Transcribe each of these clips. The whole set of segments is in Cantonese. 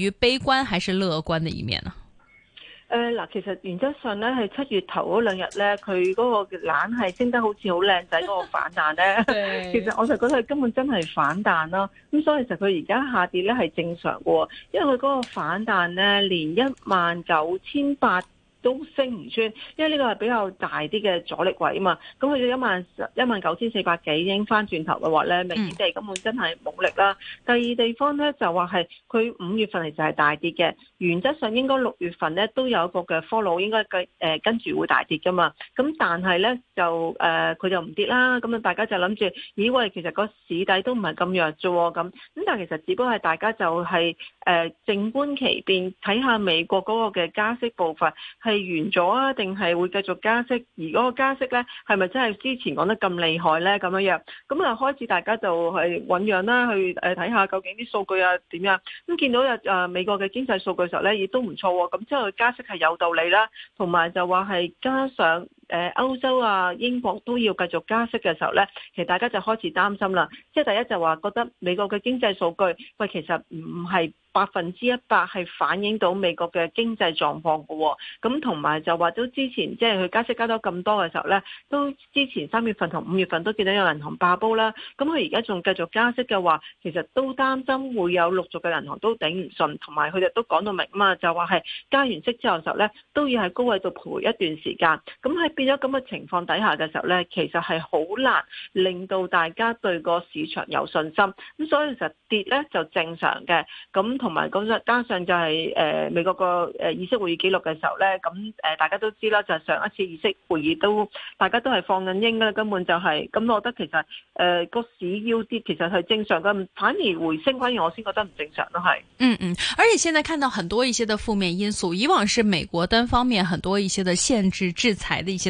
於悲觀還是樂觀的一面呢？誒嗱、呃，其實原則上咧，係七月頭嗰兩日咧，佢嗰個冷係升得好似好靚仔嗰個反彈咧。 對 其實我就覺得佢根本真係反彈咯、啊。咁所以其實佢而家下跌咧係正常嘅，因為佢嗰個反彈咧連一萬九千八，都升唔穿，因為呢個係比較大啲嘅阻力位啊嘛。咁佢就一萬一萬九千四百幾已經翻轉頭嘅話咧，明顯地根本真係冇力啦。第二地方咧就話係佢五月份係就係大跌嘅，原則上應該六月份咧都有一個嘅 follow，應該、呃、跟住會大跌噶嘛。咁但係咧就誒佢、呃、就唔跌啦。咁啊大家就諗住，以為其實個市底都唔係咁弱啫喎。咁咁但係其實只不過係大家就係誒靜觀其變，睇下美國嗰個嘅加息部分。係完咗啊？定係會繼續加息？而嗰個加息咧，係咪真係之前講得咁厲害咧？咁樣樣咁啊，就開始大家就係醞釀啦，去誒睇下究竟啲數據啊點樣？咁、嗯、見到有誒、呃、美國嘅經濟數據時候咧，亦都唔錯、啊。咁之後加息係有道理啦、啊，同埋就話係加上。誒歐洲啊，英國都要繼續加息嘅時候咧，其實大家就開始擔心啦。即係第一就話覺得美國嘅經濟數據，喂，其實唔係百分之一百係反映到美國嘅經濟狀況嘅喎啊。咁同埋就話都之前即係佢加息加咗咁多嘅時候咧，都之前三月份同五月份都見到有銀行爆煲啦。咁佢而家仲繼續加息嘅話，其實都擔心會有陸續嘅銀行都頂唔順，同埋佢哋都講到明啊嘛，就話係加完息之後嘅時候咧，都要喺高位度陪一段時間。咁喺變咗咁嘅情況底下嘅時候咧，其實係好難令到大家對個市場有信心，咁所以就跌咧就正常嘅。咁同埋咁加上就係、是、誒、呃、美國個誒議息會議記錄嘅時候咧，咁、呃、誒大家都知啦，就是、上一次議息會議都大家都係放緊鷹嘅啦，根本就係、是、咁。我覺得其實誒個、呃、市要跌，其實係正常嘅，反而回升反而我先覺得唔正常咯，係。嗯，嗯，唔，而且現在看到很多一些嘅負面因素，以往是美國單方面很多一些嘅限制制裁嘅一些。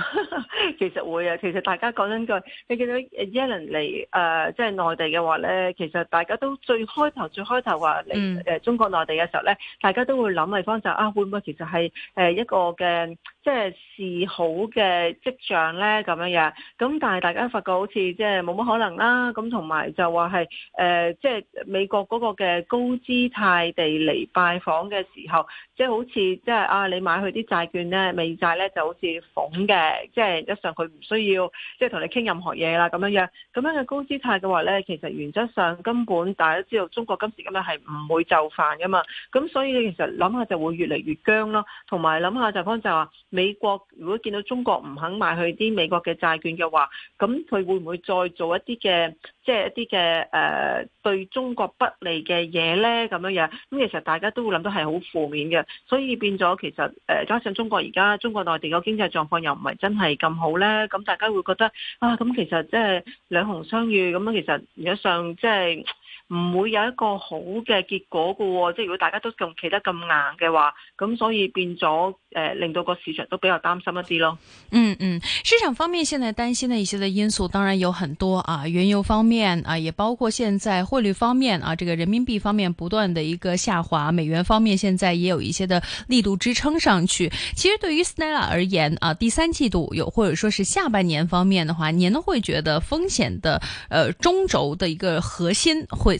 其實會啊，其實大家講緊句，你見到、y、Yellen 嚟誒，即、呃、係、就是、內地嘅話咧，其實大家都最開頭，最開頭話嚟誒中國內地嘅時候咧，大家都會諗嘅方就啊，會唔會其實係誒、呃、一個嘅。即係示好嘅跡象呢，咁樣樣，咁但係大家發覺好似即係冇乜可能啦，咁同埋就話係誒，即、呃、係、就是、美國嗰個嘅高姿態地嚟拜訪嘅時候，即、就、係、是、好似即係啊，你買佢啲債券呢，美債呢就好似拱嘅，即、就、係、是、一上佢唔需要即係同你傾任何嘢啦咁樣樣。咁樣嘅高姿態嘅話呢，其實原則上根本大家都知道中國今時今日係唔會就範噶嘛，咁所以其實諗下就會越嚟越僵咯，同埋諗下就方就話。美國如果見到中國唔肯賣去啲美國嘅債券嘅話，咁佢會唔會再做一啲嘅，即係一啲嘅誒對中國不利嘅嘢呢？咁樣樣，咁其實大家都會諗到係好負面嘅，所以變咗其實，呃，加上中國而家中國內地個經濟狀況又唔係真係咁好呢，咁大家會覺得啊，咁其實即係兩雄相遇咁樣，其實如果上即係。唔會有一個好嘅結果嘅喎、哦，即係如果大家都仲企得咁硬嘅話，咁所以變咗誒、呃、令到個市場都比較擔心一啲咯。嗯嗯，市場方面現在擔心的一些因素當然有很多啊，原油方面啊，也包括現在匯率方面啊，這個人民幣方面不斷的一個下滑，美元方面現在也有一些的力度支撐上去。其實對於 Snella 而言啊，第三季度有或者說是下半年方面嘅話，您都會覺得風險的、呃、中軸嘅一個核心會？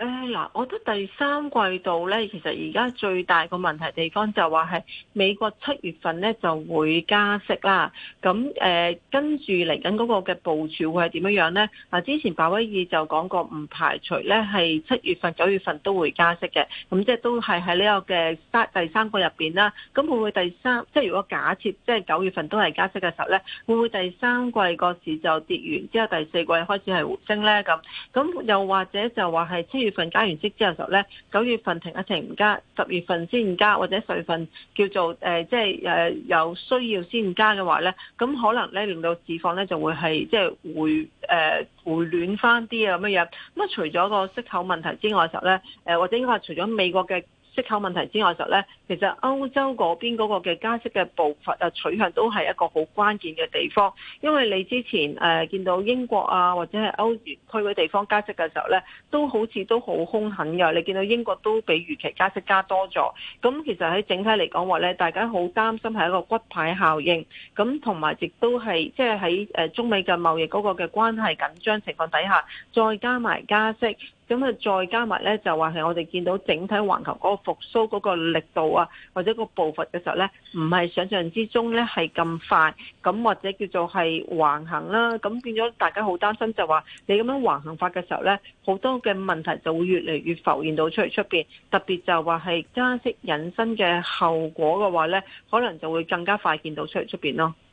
誒嗱、哎，我覺得第三季度咧，其實而家最大個問題地方就話係美國七月份咧就會加息啦。咁誒跟住嚟緊嗰個嘅部署會係點樣呢？咧？嗱，之前鮑威爾就講過唔排除咧係七月份、九月份都會加息嘅。咁即係都係喺呢個嘅三第三季入面啦。咁會唔會第三即係、就是、如果假設即係九月份都係加息嘅時候咧，會唔會第三季個市就跌完之後第四季開始係回升咧？咁咁又或者就話係七月？月份加完息之後就咧，九月份停一停唔加，十月份先加或者十月份叫做誒，即係誒有需要先加嘅話咧，咁可能咧令到市況咧就會係即係回、誒、呃、回暖翻啲啊，咁樣。咁啊除咗個息口問題之外嘅時候咧，誒、呃、或者應該話除咗美國嘅。息率問題之外嘅時候咧，其實歐洲嗰邊嗰個嘅加息嘅步伐啊、取向都係一個好關鍵嘅地方，因為你之前誒見到英國啊或者係歐元區嘅地方加息嘅時候咧，都好似都好兇狠嘅。你見到英國都比預期加息加多咗，咁其實喺整體嚟講話咧，大家好擔心係一個骨牌效應，咁同埋亦都係即係喺誒中美嘅貿易嗰個嘅關係緊張情況底下，再加埋加息。咁啊，再加埋咧，就話係我哋見到整體環球嗰個復甦嗰個力度啊，或者個步伐嘅時候咧，唔係想象之中咧係咁快，咁或者叫做係橫行啦。咁變咗大家好擔心，就話你咁樣橫行法嘅時候咧，好多嘅問題就會越嚟越浮現到出嚟出邊，特別就話係加息引申嘅後果嘅話咧，可能就會更加快見到出嚟出邊咯。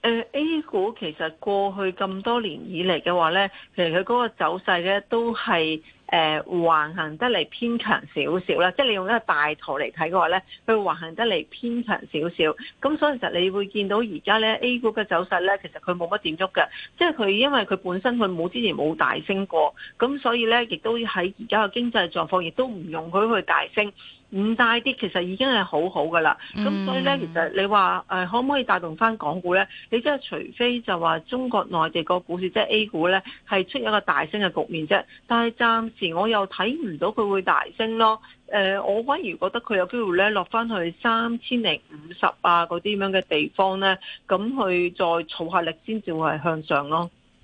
誒、呃、A 股其實過去咁多年以嚟嘅話咧，其實佢嗰個走勢咧都係誒、呃、橫行得嚟偏強少少啦，即係你用一個大圖嚟睇嘅話咧，佢橫行得嚟偏強少少，咁所以其實你會見到而家咧 A 股嘅走勢咧，其實佢冇乜點喐嘅，即係佢因為佢本身佢冇之前冇大升過，咁所以咧亦都喺而家嘅經濟狀況亦都唔容許去大升。五大啲其實已經係好好噶啦，咁、嗯、所以咧，其實你話、呃、可唔可以帶動翻港股咧？你即係除非就話中國內地個股市即係 A 股咧，係出一個大升嘅局面啫。但係暫時我又睇唔到佢會大升咯。誒、呃，我反而覺得佢有機會咧落翻去三千零五十啊嗰啲咁樣嘅地方咧，咁去再儲下力先至會係向上咯。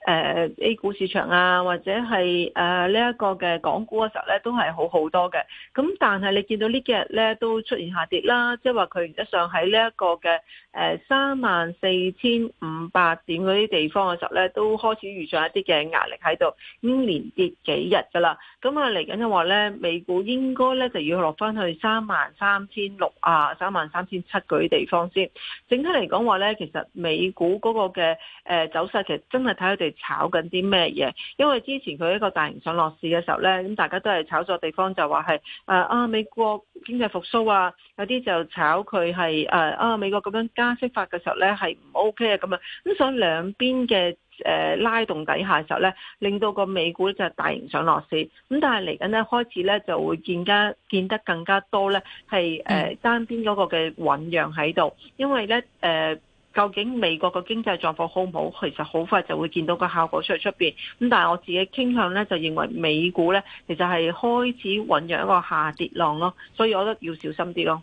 誒、呃、A 股市場啊，或者係誒呢一個嘅港股嘅時候咧，都係好好多嘅。咁但係你見到幾呢幾日咧都出現下跌啦，即係話佢原則上喺呢一個嘅誒三萬四千五百點嗰啲地方嘅時候咧，都開始遇上一啲嘅壓力喺度。咁已經連跌幾日㗎啦。咁啊嚟緊嘅話咧，美股應該咧就要落翻去三萬三千六啊，三萬三千七嗰啲地方先。整體嚟講話咧，其實美股嗰個嘅、呃、走勢其實真係睇佢哋。炒緊啲咩嘢？因為之前佢一個大型上落市嘅時候呢，咁大家都係炒作地方就話係啊美國經濟復甦啊，有啲就炒佢係啊，啊美國咁樣加息法嘅時候呢、OK，係唔 OK 啊咁啊，咁所以兩邊嘅、呃、拉動底下時候呢，令到個美股就係大型上落市。咁但係嚟緊呢開始呢，就會見加見得更加多呢係誒單邊嗰個嘅醞釀喺度，因為呢。誒、呃。究竟美國嘅經濟狀況好唔好？其實好快就會見到個效果出嚟出邊。咁但係我自己傾向咧，就認為美股咧，其實係開始醞釀一個下跌浪咯，所以我覺得要小心啲咯。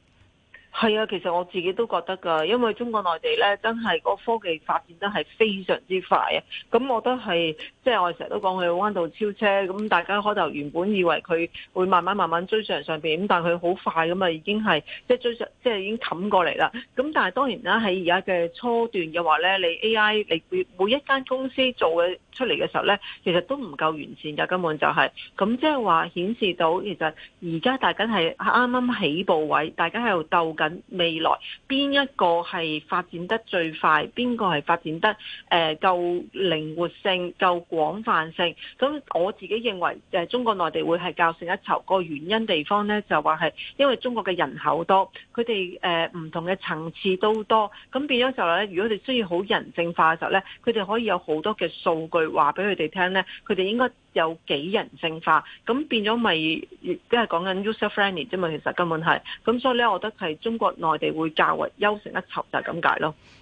係啊，其實我自己都覺得噶，因為中國內地咧，真係個科技發展得係非常之快啊！咁我覺得係，即係我哋成日都講佢彎道超車，咁大家開頭原本以為佢會慢慢慢慢追上上邊，咁但係佢好快咁嘛，已經係即係追上，即係已經冚過嚟啦！咁但係當然啦，喺而家嘅初段嘅話咧，你 AI，你每每一間公司做嘅。出嚟嘅時候咧，其實都唔夠完善嘅根本就係、是、咁，即係話顯示到其實而家大家係啱啱起步位，大家喺度鬥緊未來邊一個係發展得最快，邊個係發展得誒夠靈活性、夠廣泛性。咁我自己認為誒、呃、中國內地會係較勝一籌，那個原因地方咧就話係因為中國嘅人口多，佢哋誒唔同嘅層次都多，咁變咗就話咧，如果佢需要好人性化嘅時候咧，佢哋可以有好多嘅數據。去話俾佢哋聽咧，佢哋應該有幾人性化，咁變咗咪亦都係講緊 user friendly 啫嘛。其實根本係，咁所以咧，我覺得係中國內地會較為優勝一籌就是這，就係咁解咯。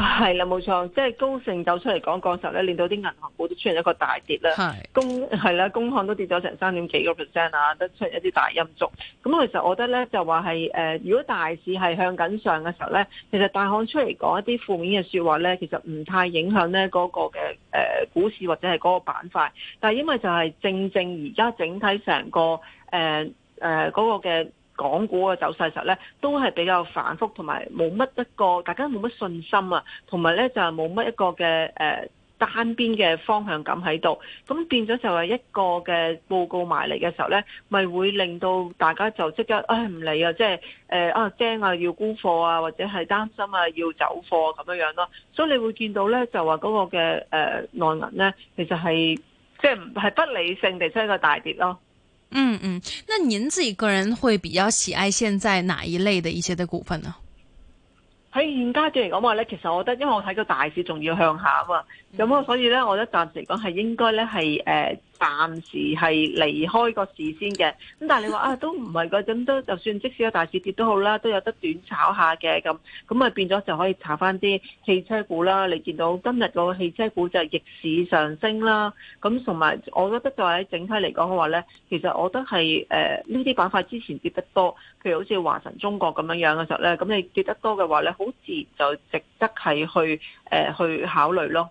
係啦，冇錯，即係高盛走出嚟講講時候咧，令到啲銀行股都出現一個大跌啦。係的，工係啦，工行都跌咗成三點幾個 percent 啊，都出現一啲大陰燭。咁其實我覺得咧，就話係誒，如果大市係向緊上嘅時候咧，其實大行出嚟講一啲負面嘅說話咧，其實唔太影響咧嗰、嗰個嘅誒、呃、股市或者係嗰個板塊。但係因為就係正正而家整體成個誒嗰、呃呃嗰個嘅。港股嘅走勢時候咧，都係比較反覆，同埋冇乜一個大家冇乜信心啊，同埋咧就係冇乜一個嘅誒、呃、單邊嘅方向感喺度，咁變咗就係一個嘅報告埋嚟嘅時候咧，咪會令到大家就即刻唉唔、哎、理啊，即係誒啊驚啊要沽貨啊，或者係擔心啊要走貨咁、啊、樣樣咯，所以你會見到咧就話嗰個嘅誒、呃、內銀咧，其實係即係唔係不理性地出一個大跌咯。嗯嗯，那您自己個人會比較喜愛現在哪一類的一些的股份呢？喺現階段嚟講話咧，其實我覺得，因為我睇到大市仲要向下啊嘛，咁啊、嗯，所以咧，我覺得暫時嚟講係應該咧係誒。暫時係離開個市先嘅，咁但係你話啊，都唔係嗰種，都就算即使有大市跌都好啦，都有得短炒下嘅咁，咁啊變咗就可以查翻啲汽車股啦。你見到今日個汽車股就逆市上升啦，咁同埋我覺得就喺整體嚟講嘅話呢，其實我覺得係誒呢啲板塊之前跌得多，譬如好似華晨中國咁樣樣嘅時候呢，咁你跌得多嘅話呢，好自然就值得係去、呃、去考慮咯。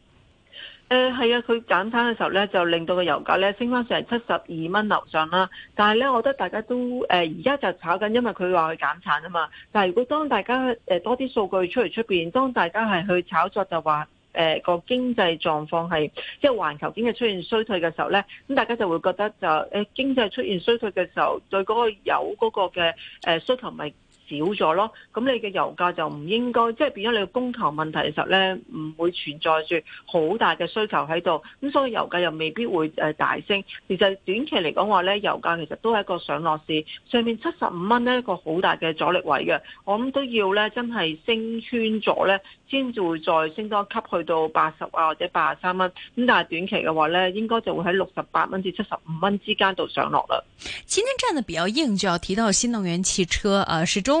誒係、呃、啊，佢減產嘅時候咧，就令到個油價咧升翻成七十二蚊樓上啦。但係咧，我覺得大家都誒而家就炒緊，因為佢話佢減產啊嘛。但係如果當大家、呃、多啲數據出嚟出面，當大家係去炒作就話誒、呃那個經濟狀況係即係環球經濟出現衰退嘅時候咧，咁大家就會覺得就誒、呃、經濟出現衰退嘅時候，對嗰個油嗰個嘅誒、呃、需求咪？少咗咯，咁你嘅油價就唔應該，即係變咗你嘅供求問題其實咧，唔會存在住好大嘅需求喺度，咁所以油價又未必會誒大升。其實短期嚟講話咧，油價其實都係一個上落市，上面七十五蚊呢一個好大嘅阻力位嘅，我諗都要咧真係升穿咗咧，先至會再升多級去到八十啊或者八十三蚊。咁但係短期嘅話咧，應該就會喺六十八蚊至七十五蚊之間度上落啦。今天站得比較硬，就要提到新能源汽車啊，始終。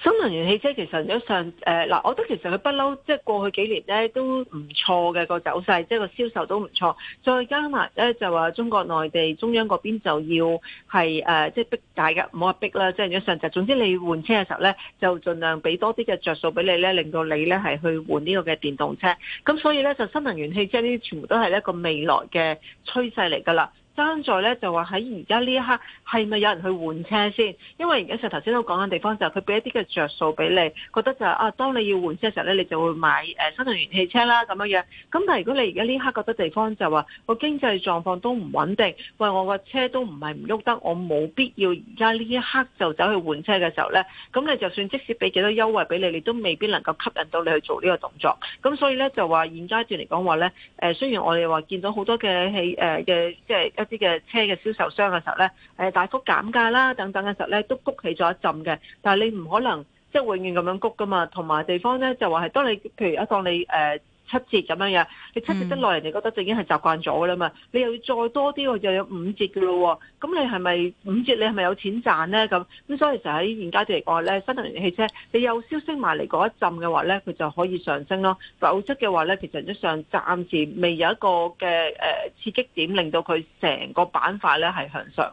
新能源汽車其實上誒嗱、呃，我覺得其實佢不嬲，即係過去幾年咧都唔錯嘅個走勢，即係個銷售都唔錯。再加埋咧就話中國內地中央嗰邊就要係即係逼大家，唔好話逼啦，即係上就總之你換車嘅時候咧，就盡量俾多啲嘅着數俾你咧，令到你咧係去換呢個嘅電動車。咁所以咧就新能源汽車呢啲全部都係一個未來嘅趨勢嚟㗎啦。爭在咧就話喺而家呢一刻係咪有人去換車先？因為而家上頭先都講緊地方、就是，就係佢俾一啲嘅着數俾你，覺得就係、是、啊，當你要換車嘅時候咧，你就會買、呃、新能源汽車啦咁樣樣。咁但係如果你而家呢一刻覺得地方就話個經濟狀況都唔穩定，喂，我個車都唔係唔喐得，我冇必要而家呢一刻就走去換車嘅時候咧，咁你就算即使俾幾多優惠俾你，你都未必能夠吸引到你去做呢個動作。咁所以咧就話現階段嚟講話咧，誒雖然我哋話見到好多嘅嘅即係一。呃啲嘅車嘅銷售商嘅時候咧，誒大幅減價啦等等嘅時候咧，都谷起咗一陣嘅，但係你唔可能即係、就是、永遠咁樣谷噶嘛，同埋地方咧就話係，當你譬如一當你誒。呃七折咁樣樣，你七折得落嚟你覺得就已經係習慣咗㗎啦嘛。Mm. 你又要再多啲，佢又有五折嘅咯。咁你係咪五折？你係咪有錢賺咧？咁咁所以就喺現階段嚟講咧，新能源汽車你有消息埋嚟嗰一陣嘅話咧，佢就可以上升咯。否則嘅話咧，其實都上暫時未有一個嘅誒刺激點，令到佢成個板塊咧係向上。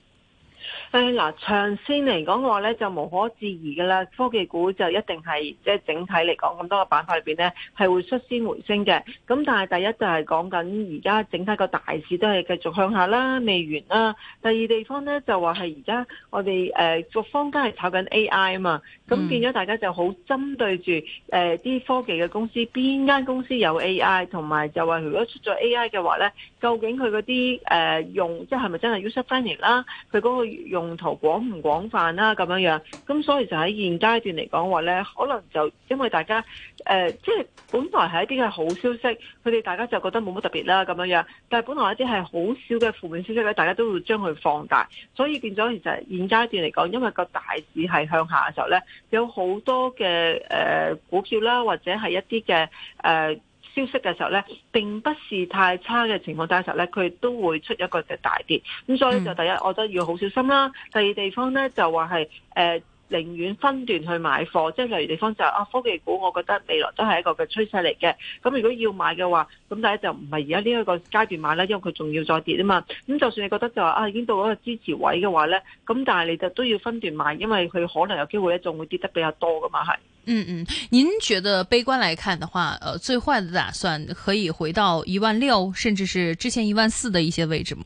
係嗱，長線嚟講嘅話咧，就無可置疑㗎啦。科技股就一定係即係整體嚟講，咁多個板塊裏面咧，係會率先回升嘅。咁但係第一就係講緊而家整體個大市都係繼續向下啦，未完啦。第二地方咧就話係而家我哋誒各方都係炒緊 AI 嘛，咁見咗大家就好針對住誒啲科技嘅公司，邊間公司有 AI，同埋就話如果出咗 AI 嘅話咧，究竟佢嗰啲誒用即係咪真係 substantial 啦？佢嗰個用。用途廣唔廣泛啦、啊，咁樣樣，咁所以就喺現階段嚟講話呢，可能就因為大家誒，即、呃、係、就是、本來係一啲嘅好消息，佢哋大家就覺得冇乜特別啦，咁樣樣。但係本來一啲係好少嘅負面消息呢，大家都會將佢放大，所以變咗其實現階段嚟講，因為個大市係向下嘅時候呢，有好多嘅誒、呃、股票啦，或者係一啲嘅誒。呃消息嘅時候咧，並不是太差嘅情況底下時候咧，佢都會出一個嘅大跌。咁所以就第一，我覺得要好小心啦。第二地方咧就話係誒，寧願分段去買貨，即係例如地方就係，啊科技股，我覺得未來都係一個嘅趨勢嚟嘅。咁如果要買嘅話，咁第一就唔係而家呢一個階段買啦，因為佢仲要再跌啊嘛。咁就算你覺得就話啊已經到嗰個支持位嘅話咧，咁但係你就都要分段買，因為佢可能有機會咧仲會跌得比較多噶嘛係。嗯嗯，您覺得悲觀來看的話，呃，最壞的打算可以回到一萬六，甚至是之前一萬四的一些位置嗎？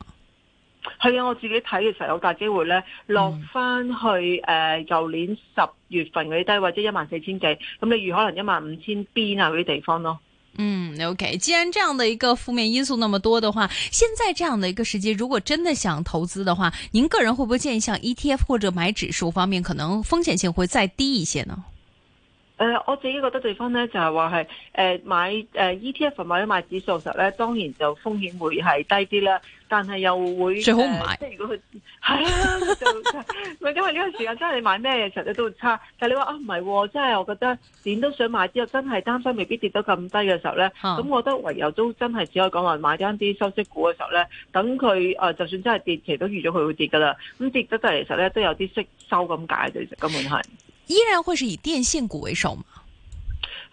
係啊，我自己睇嘅時候有大機會呢，落翻去誒，舊、嗯呃、年十月份嗰啲低，或者一萬四千幾，咁你預可能一萬五千邊啊嗰啲地方咯。嗯，OK，既然這樣的一個負面因素那麼多的話，現在這樣的一個時機，如果真的想投資的話，您個人會不會建議像 ETF 或者買指數方面，可能風險性會再低一些呢？誒、呃，我自己覺得對方咧就係話係，誒、呃、買誒、呃、ETF 或者買指數時候咧，當然就風險會係低啲啦。但係又會最好唔買即係、呃、如果佢係啊，就咪 因為呢個時間真係買咩嘢你都會差。但你話啊唔係，真係我覺得點都想買，之後真係擔心未必跌得咁低嘅時候咧。咁、嗯、我覺得唯有都真係只可以講話買啲啲收息股嘅時候咧，等佢、呃、就算真係跌，其實都預咗佢會跌噶啦。咁跌得得係其實呢，咧都有啲息收咁解嘅，其實根本係。依然會是以電信股為首嘛？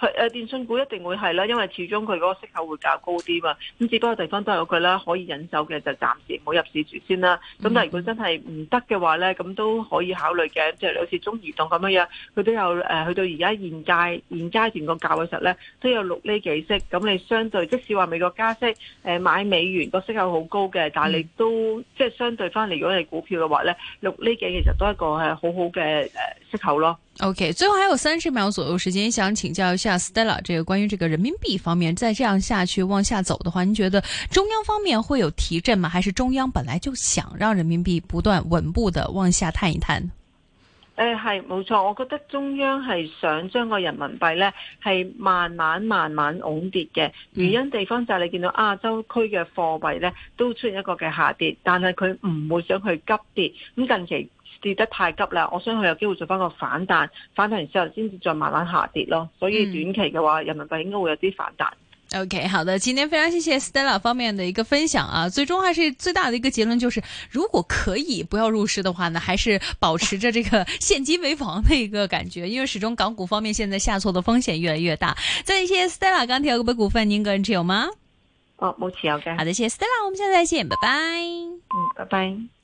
係誒、啊，電信股一定會係啦，因為始終佢嗰個息口會較高啲嘛。咁只不過地方都有佢啦，可以忍受嘅就暫時唔好入市住先啦。咁、嗯、但係如果真係唔得嘅話咧，咁都可以考慮嘅。即係好似中移動咁樣樣，佢都有誒、呃，去到而家現階現階段個價位實咧都有六厘幾息。咁你相對即使話美國加息，誒、呃、買美元個息口好高嘅，但係你都、嗯、即係相對翻嚟，如果係股票嘅話咧，六厘幾其實都係一個係好好嘅誒。出口咯。OK，最後還有三十秒左右時間，想請教一下 Stella，這個關於這個人民幣方面，再這樣下去往下走的話，你覺得中央方面會有提振嗎？還是中央本來就想讓人民幣不斷穩步的往下探一探？誒、呃，係冇錯，我覺得中央係想將個人民幣呢係慢慢慢慢往跌嘅，原因地方就係你見到亞洲區嘅貨幣呢都出現一個嘅下跌，但係佢唔會想去急跌。咁近期，跌得太急啦，我相信佢有機會做翻個反彈，反彈完之後先至再慢慢下跌咯。所以短期嘅話，嗯、人民幣應該會有啲反彈。OK，好的，今天非常謝謝 Stella 方面的一個分享啊，最終還是最大的一個結論就是，如果可以不要入市的話呢，還是保持着這個現金為王的一個感覺， 因為始終港股方面現在下挫的風險越來越大。在一些 Stella 剛調嘅股份，您個人持有嗎？哦，冇持有嘅。好的，謝謝 Stella，我們下次再見，拜拜。嗯，拜拜。